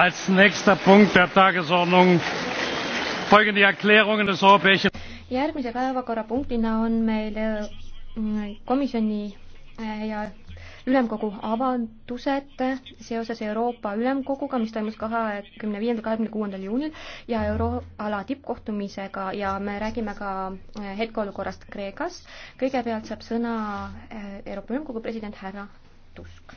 als nächster punkt der tagesordnung folgende erklärungen des europäischen järgmise päevakorrapunktina on meil äh, komisjoni äh, ja ülemkogu avaldused seoses Euroopa Ülemkoguga, mis toimus kahekümne viiendal, kahekümne kuuendal juunil ja euroala tippkohtumisega ja me räägime ka äh, hetkeolukorrast Kreekas. kõigepealt saab sõna Euroopa Ülemkogu president härra Tusk.